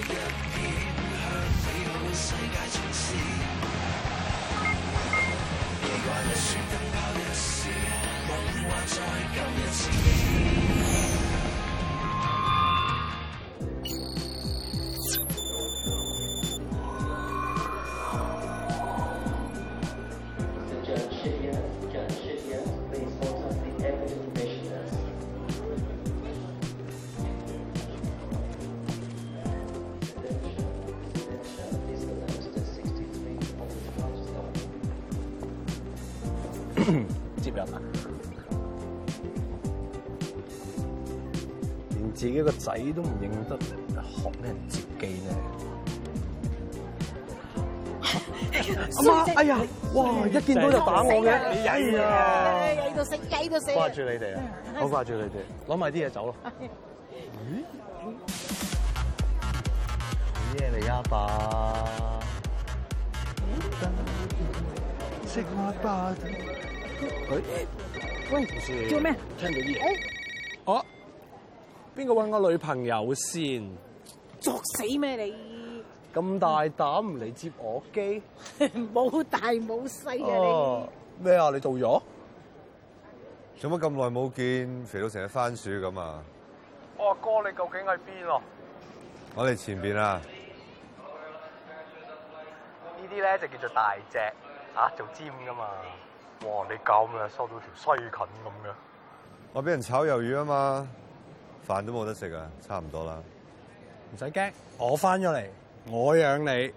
一片向美好世界衝刺，機關一轉燈泡一閃，夢話在今日實接人啊！連自己個仔都唔認得，學咩接機呢？阿媽、 哎，哎呀，哇！一見到就打我嘅，啊，哎呀！喺度食雞，喺度食。掛住你哋啊！好掛住你哋，攞埋啲嘢走咯。嗯？咩？你阿爸？食我阿爸？喂、哎，喂、哎，同、嗯、事，做咩？聽到啲，哦、啊，我邊個搵我女朋友先？作死咩你？咁大膽嚟接我機？冇 大冇細啊你？咩啊？你，啊你做咗？做乜咁耐冇見？肥到成隻番薯咁啊！我阿哥你究竟喺邊啊？我哋前邊啦。呢啲咧就叫做大隻，啊，做尖噶嘛。哇！你搞咩？收到條西芹咁嘅？我俾人炒魷魚啊嘛，飯都冇得食啊，差唔多啦。唔使驚，我翻咗嚟，我養你。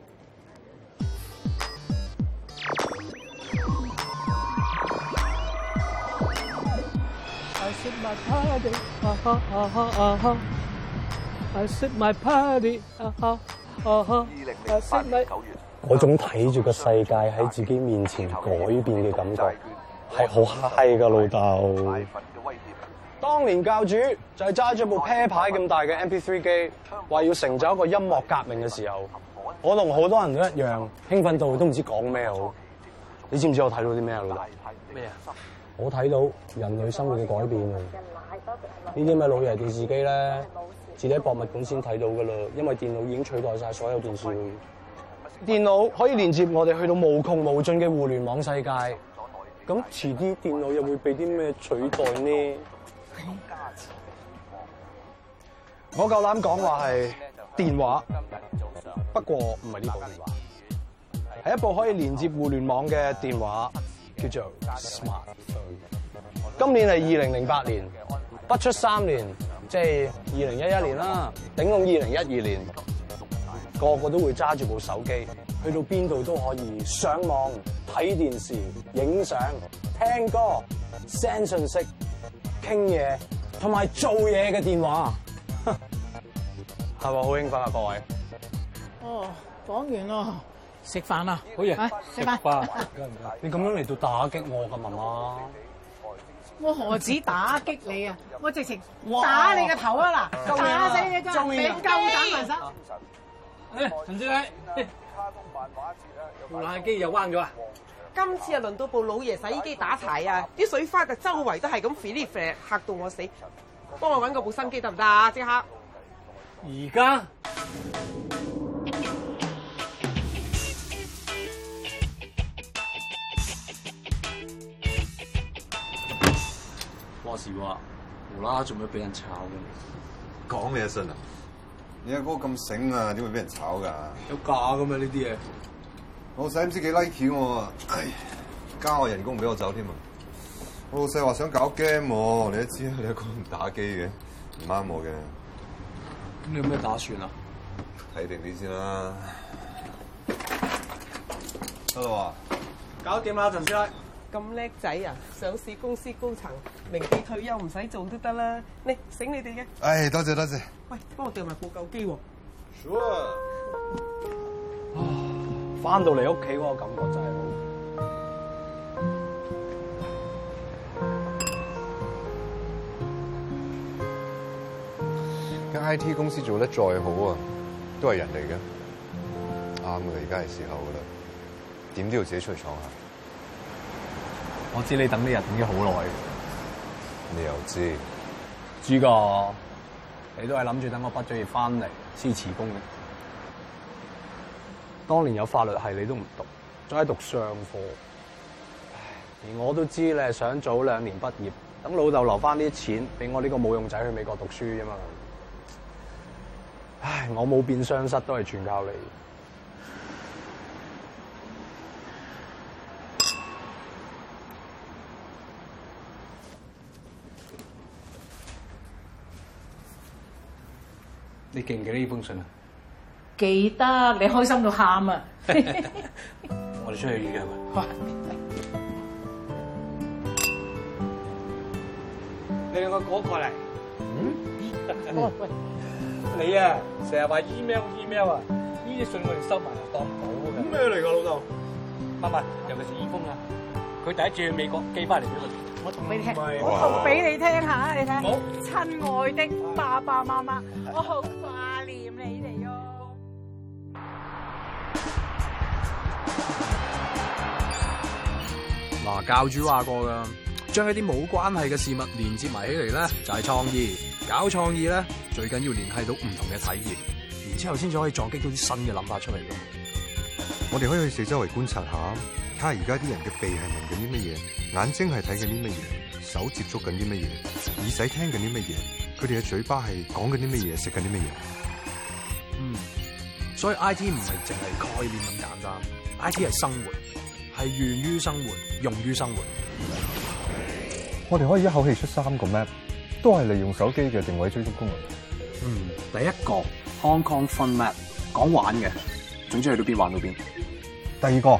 二零零八年九月。我總睇住個世界喺自己面前改變嘅感覺係好嗨㗎。噶，老豆。當年教主就係揸住部啤牌咁大嘅 MP3 機，話要成就一個音樂革命嘅時候，我同好多人都一樣興奮到都唔知講咩好。你知唔知我睇到啲咩啊，咩啊？我睇到人類生活嘅改變啊！呢啲咩老爺電視機咧，自己喺博物館先睇到噶啦，因為電腦已經取代晒所有電視。電腦可以連接我哋去到無窮無盡嘅互聯網世界，咁遲啲電腦又會俾啲咩取代呢？哎、我夠膽講話係電話，不過唔係呢部電話，係一部可以連接互聯網嘅電話，叫做 smart。今年係二零零八年，不出三年，即係二零一一年啦，頂到二零一二年。個個都會揸住部手機，去到邊度都可以上網睇電視、影相、聽歌、send 信息、傾嘢，同埋做嘢嘅電話，係咪好興奮啊？各位，哦，講完咯，食飯啦，好嘢，食、啊、飯。飯 行行你咁樣嚟到打擊我噶嘛嘛？我何止打擊你啊、嗯？我直情打你個頭啊！嗱，打死你都仲夠膽埋手。陳經理，無喇，機又彎咗啊！今次啊，輪到部老爺洗衣機打柴啊！啲水花就周圍都係咁飛嚟飛，飛，嚇到我死！幫我搵個部新機得唔得啊？即刻！而家，話時話無啦啦做咩俾人炒嘅？講咩信啊！你阿哥咁醒啊，點會俾人炒㗎？有假㗎嘛呢啲嘢，老 like、老細唔知幾 like 我啊，唉，加我人工唔俾我走添啊！我老細話想搞 game，你都知啊。你阿哥唔打機嘅，唔啱我嘅。咁你有咩打算啊？睇定啲先啦，得啦，搞掂啦，陳師奶。咁叻仔啊！上市公司高層，名利退休唔使做都得啦、啊。你醒你哋嘅。唉、哎，多謝多謝，謝，謝。喂，幫我調埋部救機喎、啊。Sure、啊。哇、啊，翻到嚟屋企嗰個感覺真係好。間 I T 公司做得再好啊，都係人嚟嘅。啱、啊、嘅，而家係時候噶啦。點都要自己出去闖下。我知你等呢日已經好耐，你又知，朱哥,你都係諗住等我畢咗業翻嚟支持工。你。當年有法律系你都唔讀，仲喺讀商科，連我都知你係想早兩年畢業，等老豆留翻啲錢俾我呢個冇用仔去美國讀書啫嘛。唉，我冇變相失都係全靠你。你記唔記得呢封信啊？記得，你開心到喊啊！我哋出去預約啊！你兩個過過嚟。嗯。 你啊，成日話 email email 啊，呢啲信我哋收埋嚟當寶嘅。咩嚟㗎，老豆？唔係唔係，尤其是 E 峰啊，佢第一次去美國寄翻嚟俾我哋，我同你聽，我讀俾你聽下，你聽。親愛的爸爸媽媽，我好掛念你哋哦。嗱，教主話過噶，將一啲冇關係嘅事物連接埋起嚟咧，就係創意。搞創意咧，最緊要聯繫到唔同嘅體驗，然之後先至可以撞擊到啲新嘅諗法出嚟咯。我哋可以去四周圍觀察下。睇下而家啲人嘅鼻係聞緊啲乜嘢，眼睛係睇緊啲乜嘢，手接觸緊啲乜嘢，耳仔聽緊啲乜嘢，佢哋嘅嘴巴係講緊啲乜嘢，食緊啲乜嘢。嗯，所以 IT 唔係淨係概念咁簡單，IT 係生活，係源於生活，用於生活。我哋可以一口氣出三個 map，都係利用手機嘅定位追蹤功能。嗯，第一個 Hong Kong Fun Map 講玩嘅，總之去到邊玩到邊。第二個。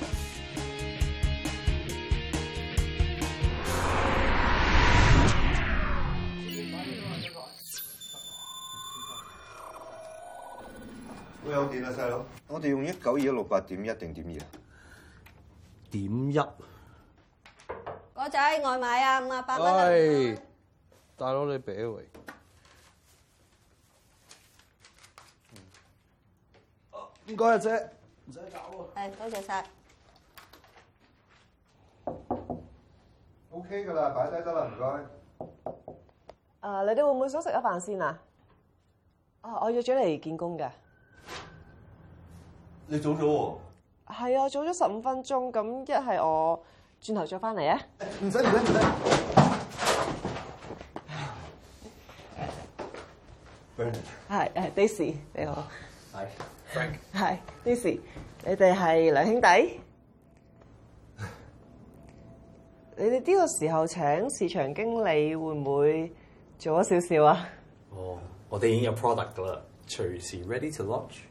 有電啦，細佬。我哋用一九二一六八點一定點二啊？點一。哥仔外賣啊，五十八蚊。係，大佬你俾啊位。唔該啊，姐。唔使搞啊。係，多謝晒。O K 噶啦，擺低得啦，唔該。誒，你哋會唔會想食一飯先啊？啊，我約咗嚟見工嘅。你早咗喎，啊，係啊，早咗十五分鐘。咁一係我轉頭再翻嚟啊！唔使唔使唔使。Bernard，係，Daisy，你好。係，Frank。係，Daisy，你哋係兩兄弟。 你哋呢個時候請市場經理會唔會做咗少少啊？哦、oh,，我哋已經有 product 噶啦，隨時 ready to launch。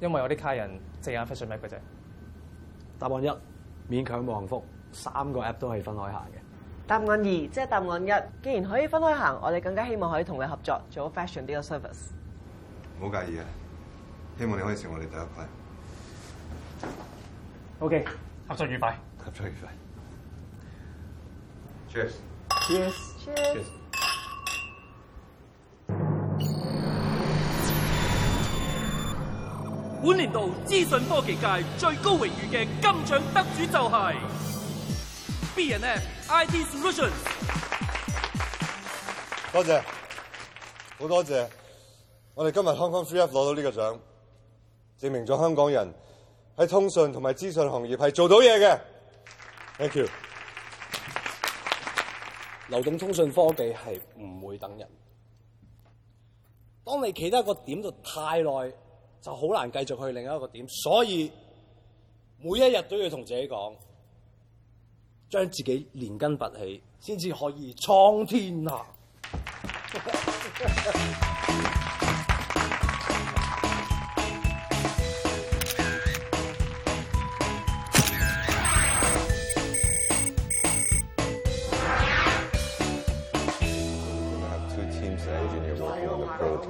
因為我啲客人淨係 fashion 嘅嗰隻，答案一勉強冇幸福，三個 app 都可以分開行嘅。答案二即係、就是、答案一，既然可以分開行，我哋更加希望可以同你合作做 fashion 呢個 service。唔好介意啊，希望你可以成為我哋第一批。OK，合作愉快，合作愉快，Cheers，Cheers，Cheers。Cheers. Yes, cheers. Cheers. 本年度資訊科技界最高榮譽嘅金獎得主就係 BNF IT Solutions。多謝，好多謝。我哋今日 Hong Kong Three F 攞到呢個獎，證明咗香港人喺通訊同埋資訊行業係做到嘢嘅。Thank you。流動通訊科技係唔會等人的，當你企得一個點就太耐。就好難繼續去另一個點，所以每一日都要同自己講，將自己連根拔起，先至可以闖天下。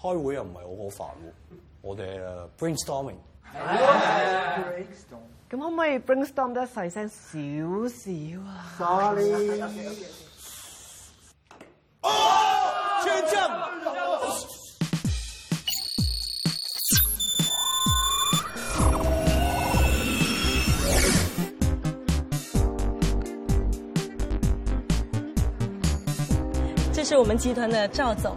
開會又唔係好好煩喎，我哋 brainstorming。咁、啊、可唔可以 brainstorm 得細聲少少啊？Sorry、啊 OK, OK, OK。哦，專真、哦。這是我們集團的趙總。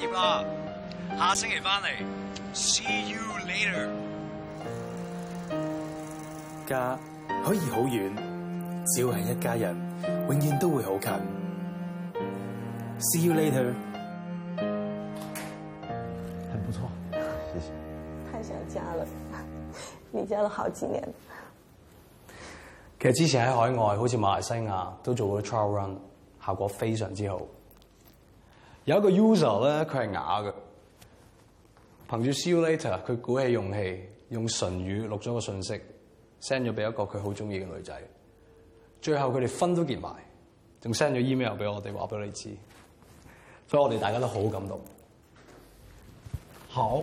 業啦，下星期翻嚟，see you later。家可以好遠，只要係一家人，永遠都會好近。See you later。很不錯，謝謝。太想家了，你家了好幾年。其實之前喺海外，好似馬來西亞都做過 trial run，效果非常之好。有一個 user 咧，佢係啞嘅，憑住 See you later，佢鼓起勇氣，用唇語錄咗個信息，send 咗俾一個佢好中意嘅女仔，最後佢哋分都結埋，仲 send 咗 email 俾我哋，話俾你知，所以我哋大家都好感動。好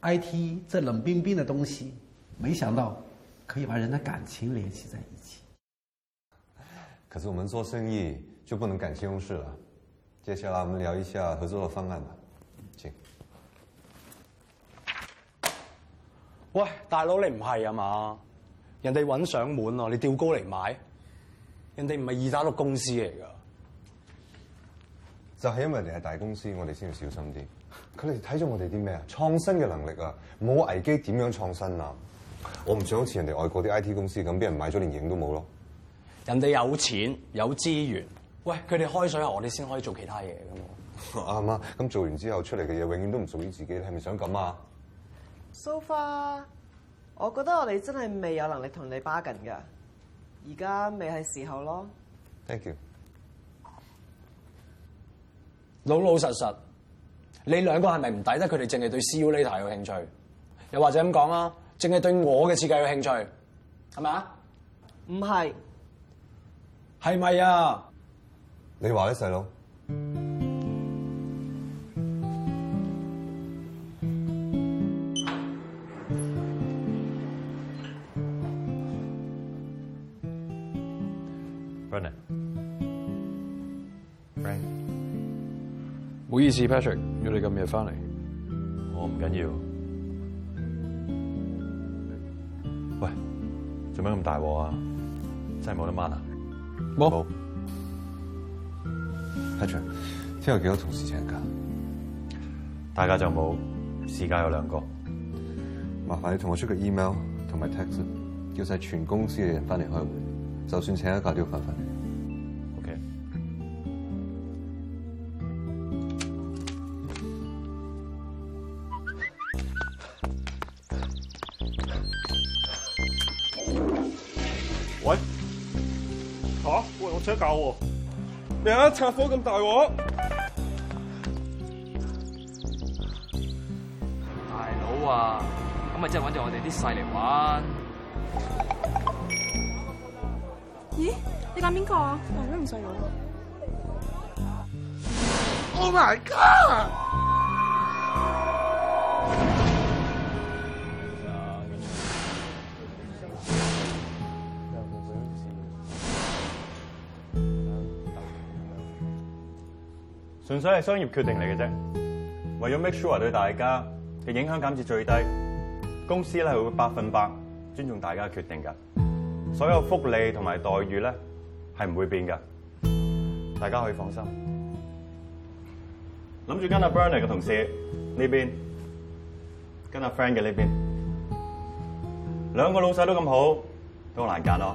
，I T 這冷冰冰嘅東西，沒想到可以把人嘅感情聯繫在一起。可是我們做生意就不能感情用事了。接下來我們聊一下合作的方案吧，請。喂，大佬你唔係啊嘛？人哋搵上門哦、啊，你吊高嚟買，人哋唔係二打六公司嚟㗎。就係、是、因為你係大公司，我哋先要小心啲。佢哋睇咗我哋啲咩啊？創新嘅能力啊，冇危機點樣創新啊？我唔想好似人哋外國啲 I T 公司咁，俾人買咗連影都冇咯。人哋有錢有資源。喂，佢哋開水，我哋先可以做其他嘢嘅嘛？啱啊，咁做完之後出嚟嘅嘢，永遠都唔屬於自己，係咪想咁啊？So far，我覺得我哋真係未有能力同你 bargain 噶，而家未係時候咯。Thank you。老老實實，你兩個係咪唔抵得佢哋？淨係對 c o l i t a 有興趣，又或者咁講啊？淨係對我嘅設計有興趣，係咪啊？唔係，係咪啊？你話咧細佬，喂 a 喂，冇意思，Patrick，要你咁夜返嚟，我唔緊要。喂，做咩咁大鑊啊？真係冇得掹啊？冇。聽日幾多同事請假？大家就冇時間有兩個。麻煩你同我出個 email 同埋 text，叫晒全公司嘅人翻嚟開會。就算請一假都要翻翻嚟。OK 喂、啊。喂？嚇！我請假喎。咩啊！拆火咁大鑊，大佬啊，咁咪真係揾咗我哋啲細嚟玩？咦？你揀邊個么么啊？大佬，唔細佬。啊？Oh my god！純粹係商業決定嚟嘅啫，為咗 make sure 對大家嘅影響減至最低，公司咧係會百分百尊重大家嘅決定㗎。所有福利同埋待遇咧係唔會變㗎，大家可以放心。諗住跟阿 Bernie 嘅同事呢邊，跟阿 Frank 嘅呢邊，兩個老細都咁好，都難揀咯。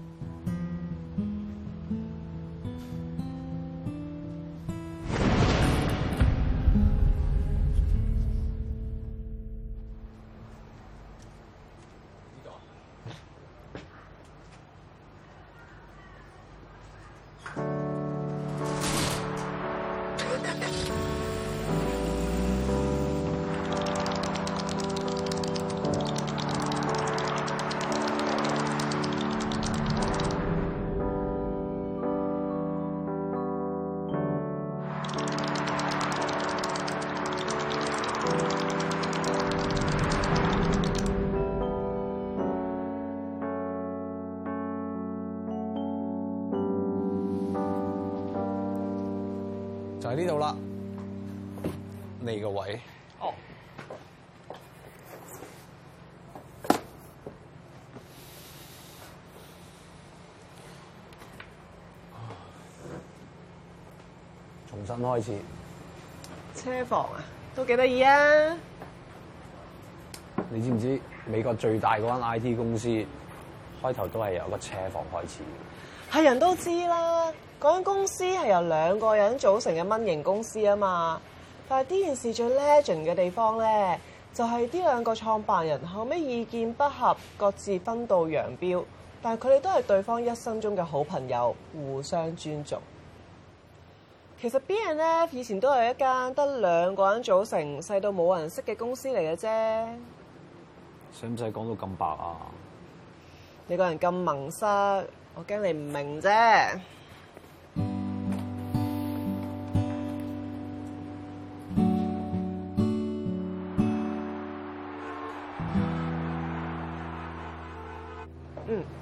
呢度啦，呢個位哦，重新開始，車房啊，都幾得意啊！你知唔知美國最大嗰間 I T 公司開頭都係由個車房開始？係人都知啦。嗰間公司係由兩個人組成嘅蚊型公司啊嘛，但係呢件事最 legend 嘅地方咧，就係呢兩個創辦人後尾意見不合，各自分道揚鑣。但係佢哋都係對方一生中嘅好朋友，互相尊重。其實 BNF 以前都係一間得兩個人組成，細到冇人識嘅公司嚟嘅啫。使唔使講到咁白啊？你個人咁懵塞，我驚你唔明啫。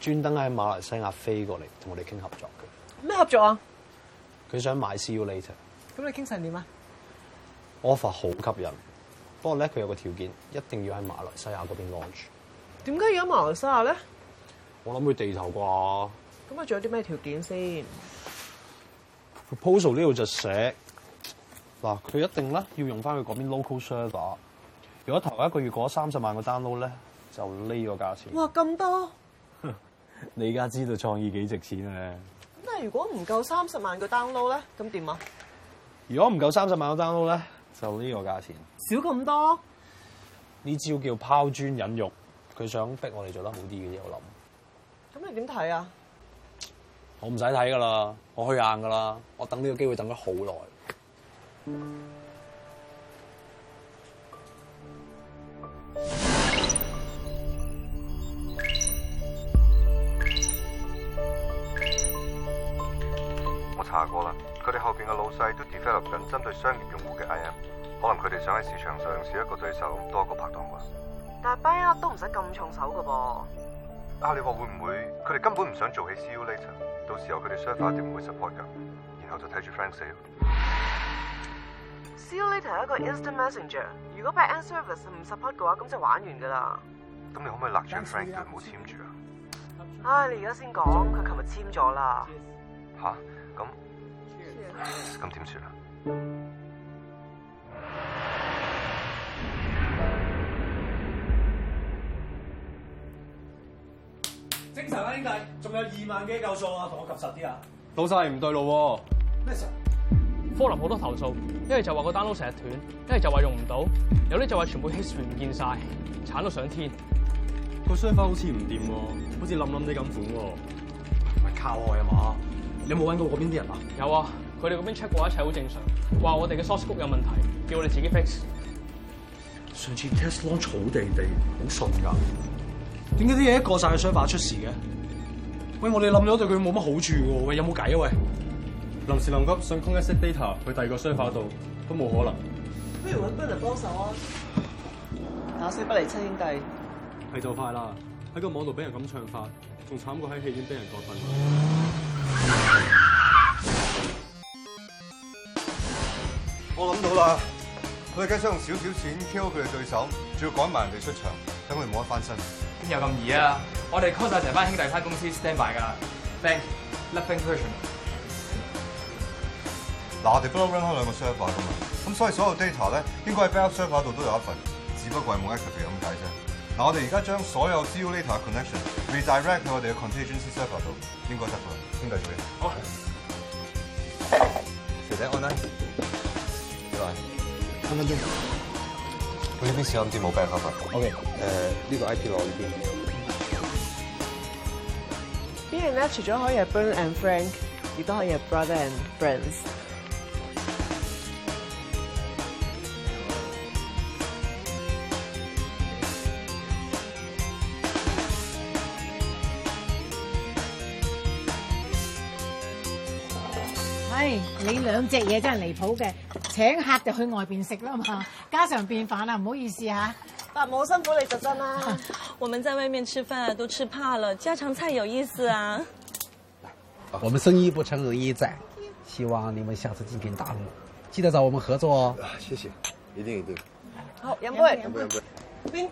專登喺馬來西亞飛過嚟同我哋傾合作嘅。咩合作啊？佢想買 Curator。咁你傾成點啊？offer 好吸引，不過咧佢有個條件，一定要喺馬來西亞嗰邊 launch。點解要喺馬來西亞咧？我諗佢地頭啩。咁啊，仲有啲咩條件先？proposal 呢度就寫嗱，佢一定咧要用返佢嗰邊 local server 打。如果頭一個月攞三十萬個 download 咧，就呢個價錢。哇！咁多。 你而家知道創意幾值錢啊！咁但係如果唔夠三十萬個 download 咧，咁點啊？如果唔夠三十萬個 download 咧，就呢個價錢少咁多。呢招叫拋磚引玉，佢想逼我哋做得好啲嘅。我諗，咁你點睇啊？我唔使睇㗎喇，我去硬㗎喇，我等呢個機會等咗好耐。下過啦，佢哋後邊嘅老細都 develop 緊針對商業用戶嘅 IM，可能佢哋想喺市場上少一個對手，多一個拍檔啩。但係 B N 都唔使咁重手嘅噃。啊，你話會唔會佢哋根本唔想做起 C U Later，到時候佢哋 server 點會 support 噶？然後就睇住 Frank 死。C U Later 係一個 instant messenger，如果 B N service 唔 support 嘅話，咁就玩完噶啦。咁你可唔可以勒住 Frank 叫佢唔好簽住啊？唉，你而家先講，佢琴日簽咗啦。吓，咁、啊？咁點算啊？精神啊，兄弟，仲有二萬幾嚿數啊，同我及實啲啊！老細唔對路喎。咩事？科林好多投訴，一係就話個 download 成日斷，一係就話用唔到，有啲就話全部 history 唔見晒，鏟到上天。個 server 好似唔掂喎，好似冧冧啲咁款喎，唔係靠外係嘛？你有冇揾過嗰邊啲人啊？有啊。佢哋嗰邊 check 過一切好正常，話我哋嘅 source code 有問題，叫我哋自己 fix。上次 test run 草地地好順噶，點解啲嘢一過曬嘅商化出事嘅？喂，我哋諗咗對佢冇乜好處喎，喂，有冇解啊？喂，臨時臨急想 call 一 set data 去第二個 server 度都冇可能。不如揾 Buddy 幫手啊！打死不嚟七兄弟，係就快啦！喺個網度俾人咁唱法，仲慘過喺戲院俾人割分。我諗到啦，我哋可以使用少少錢 kill 佢嘅對手，仲要趕埋人哋出場，等佢冇得翻身。邊有咁易啊？我哋開晒成班兄弟、返公司 stand by 噶。Thank nothing person。嗱，我哋不嬲 run 開兩個 server 噶嘛。咁所以所有 data 呢，應該喺第二 server 度都有一份，只不過係冇 access 咁解啫。嗱，我哋而家將所有資料嘅 connection redirect 喺我哋嘅 contingency server 度。應該得到？兄弟做嘢。好。姐姐我分分鐘。我呢邊試下，唔知冇病開咪。O K，誒呢個 I P 攞我呢邊。邊樣咧？除咗可以係 Ben and Frank，亦都可以係 Brother and Friends。唉，你兩隻嘢真係離譜嘅。請客就去外邊食啦嘛，家常便飯啊，唔好意思吓。爸，冇辛苦你就真啦。 我們在外面吃飯，啊、都吃怕了，家常菜有意思啊。我們生意不成仁義在，希望你們下次進店大陸，記得找我們合作哦。啊，謝謝，一定一定。好，飲杯，飲杯，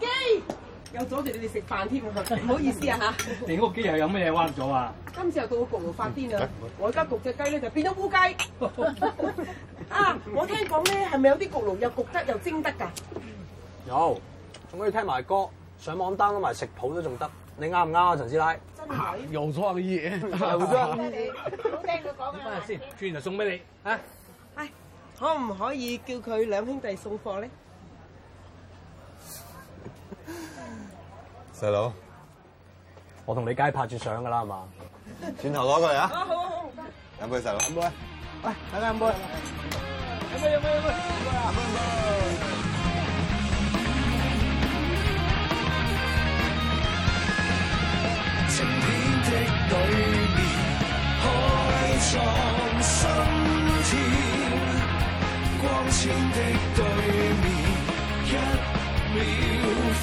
又阻住你哋食飯添啊！唔好意思啊吓，你屋企又有咩嘢彎咗啊？今次又到焗爐發癲啊、哎、我而家焗隻雞咧就變咗烏雞。 啊！我聽講咧，係咪有啲焗爐又焗得又蒸得噶？有，仲可以聽埋歌，上網 download 埋食譜都仲得。你啱唔啱啊，陳師奶？真係有創意。好啦，唔好聽佢講啊。翻 去錯了 先，轉頭送俾你啊！係可唔可以叫佢兩兄弟送貨咧？細佬，我同你街拍住相噶啦，係嘛？轉頭攞過嚟啊！好，好，好，好，飲杯茶，飲杯，喂，大家飲杯，飲杯，飲杯，飲杯，飲杯。